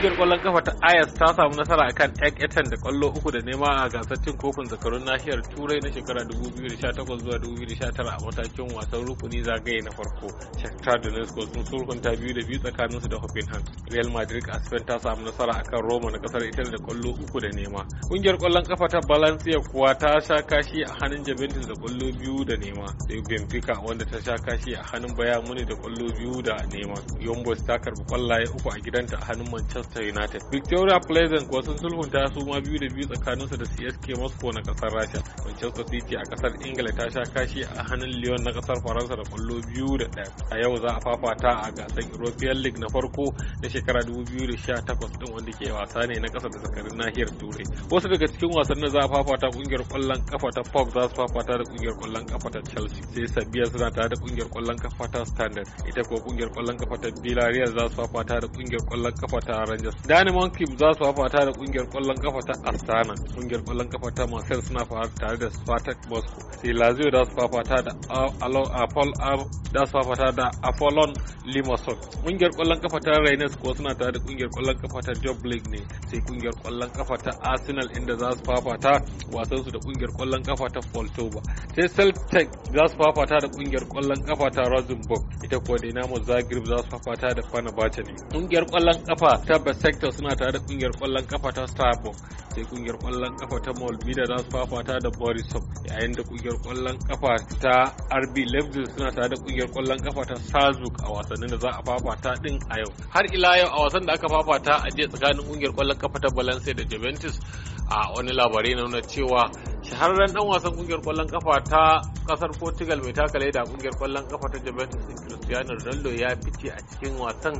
kungiyar kwallon kafa ta Ayas ta samu nasara akan Ek Etan da kwallo uku da nema a gasar cin kofin zakarun nahiyar Turai na shekara 2018 zuwa 2019 a matakin wasan rukuni zagaye na farko. Shakhtar Donetsk sun sulhunta biyu da biyu tsakaninsu da Hoffenheim. Real Madrid a Spain ta samu nasara akan Roma na kasar Italy da kwallo uku da nema. kungiyar kwallon kafa ta Valencia kuwa ta sha kashi a hannun Juventus da kwallo biyu da nema. Sai Benfica wanda ta sha kashi a hannun Bayern Munich da kwallo biyu da nema. Yombos ta karbi kwallaye uku a gidanta a hannun Manchester Manchester United. Victoria Pleasant kuwa sun sulhunta su ma biyu da biyu tsakaninsu da CSK Moscow na kasar Rasha. Manchester City a kasar Ingila ta sha kashi a hannun Lyon na kasar Faransa da kwallo biyu da ɗaya. A yau za a fafata a gasar European League na farko na shekara 2018 ɗin wanda ke wasa ne na kasa da sakarin nahiyar Turai. Wasu daga cikin wasannin za a fafata kungiyar kwallon kafa ta Pop za su fafata da kungiyar kwallon kafa ta Chelsea. Sai Sabiya suna tare da kungiyar kwallon kafa ta Standard. Ita kuwa kungiyar kwallon kafa ta Villarreal za su fafata da kungiyar kwallon kafa ta Rangers. Dynamon Kip za su fafata da kungiyar kwallon kafa ta Astana, kungiyar kwallon kafa ta Marseille suna fara tare da Spartak Moscow. Sai Lazio da su fafata da da su fafata da Apollon Limassol. Kungiyar kwallon kafa ta Rennes ko suna tare da kungiyar kwallon kafa ta Job League ne, sai kungiyar kwallon kafa ta Arsenal inda za su fafata wasan su da kungiyar kwallon kafa ta Foltova. Sai Celtic za su fafata da kungiyar kwallon kafa ta Rosenborg. Ita kuwa Dinamo Zagreb za su fafata da Fenerbahce ne. Kungiyar kwallon kafa ta Super Sector suna tare da kungiyar kwallon kafa ta Starbuck sai kungiyar kwallon kafa ta Molbida za su fafata da Borisov yayin da kungiyar kwallon kafa ta RB Leipzig suna tare da kungiyar kwallon kafa ta Salzburg a wasannin da za a fafata din a yau har ila yau a wasan da aka fafata a jiya tsakanin kungiyar kwallon kafa ta Valencia da Juventus a wani labarai na nuna cewa shahararren dan wasan kungiyar kwallon kafa ta kasar Portugal mai taka leda kungiyar kwallon kafa ta Juventus Cristiano Ronaldo ya fice a cikin wasan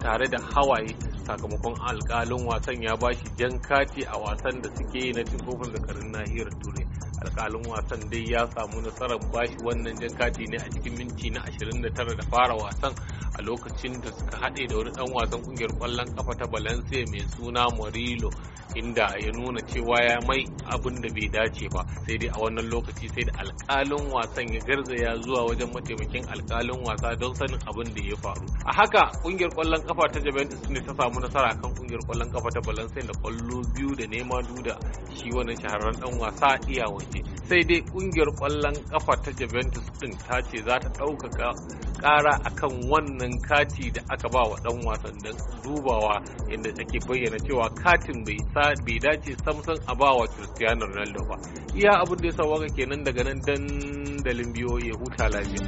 tare da hawaye sakamakon alkalin wasan ya bashi jan kati a wasan da suke yi na cin kofin zakarun nahiyar turai alkalin wasan dai ya samu nasarar bashi wannan jan kati ne a cikin minti na 29 da fara wasan a lokacin da suka haɗe da wani ɗan wasan kungiyar ƙwallon kafa ta valencia mai suna morilo inda ya nuna cewa ya mai abin da bai dace ba sai dai a wannan lokaci sai da alkalin wasan ya garzaya zuwa wajen mataimakin alkalin wasa don sanin abin da ya faru a haka ƙungiyar ƙwallon kafa ta juventus ne ta samu samu nasara kan kungiyar kwallon kafa ta Valencia da kwallo biyu da nema duda shi wannan shahararren dan wasa iya waje sai dai kungiyar kwallon kafa ta Juventus din ta ce za ta ɗaukaka kara akan wannan kati da aka ba wa dan wasan dan dubawa inda take bayyana cewa katin bai sa bai dace samson a ba wa Cristiano Ronaldo ba iya abin da ya sawaka kenan daga nan dan dandalin biyo ya huta lafiya